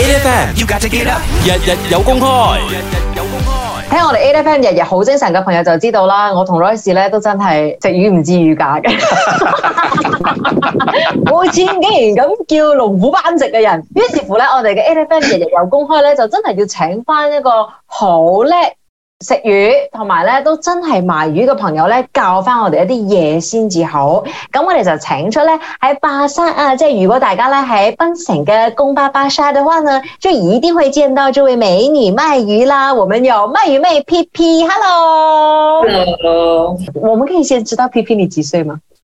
A F Fan 要架只機啦，日日有公開，日日有公開。聽我哋 A F m a n 日日好精神嘅朋友就知道啦，我同 Royce 呢都真係食魚唔知魚價嘅，冇錢竟然咁叫龍虎班值嘅人。於是乎呢，我哋嘅 A F m 日日有公開呢，就真係要請返一個好叻。食魚同埋咧都真係賣魚嘅朋友咧教翻我哋一啲嘢先至好，咁我哋就請出咧喺巴剎啊，即係如果大家咧喺檳城嘅公巴巴剎嘅話呢，就一定會見到這位美女賣魚啦。我們有賣魚妹 P P，hello，Hello. 我們可以先知道 P P 你幾歲嗎？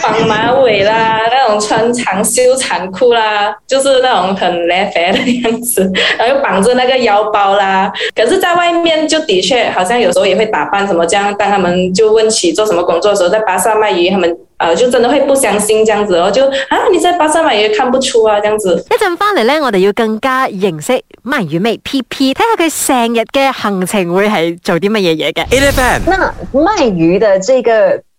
綁馬尾啦，那種穿長袖長褲啦，就是那種很邋遢的樣子，然後又綁着那個腰包啦。可是，在外面就的確，好像有時候也會打扮什麼這樣。當他們就問起做什麼工作的時候，在巴刹賣魚，他們呃，就真的會不相信這樣子，我就啊，你在巴刹賣魚看不出啊，這樣子。一陣翻嚟呢，我哋要更加認識賣魚妹 PP，睇下佢成日嘅行程會係做啲乜嘢嘢嘅。E 那賣魚的這個。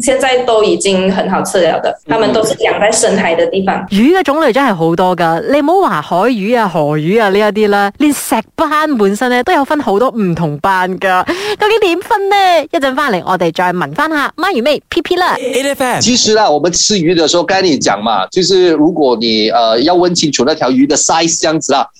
現在都已經很好吃了的，他們都是養在深海的地方。嗯、魚的種類真係好多的，你唔好話海魚啊、河魚啊這些啦，連石斑本身呢都有分好多唔同斑的。究竟點分呢？來一陣翻嚟我哋再問翻下賣魚妹 PP 啦。In effect，其實啦，我們吃魚的時候，跟你講嘛，就是如果你呃要問清楚那條魚的 size，這樣子啦。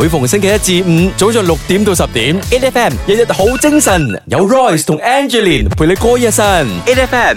每逢星期一至五，早上六點到十點，A F M 日日好精神，有 Royce 同 Angeline 陪你過一晨，A F M。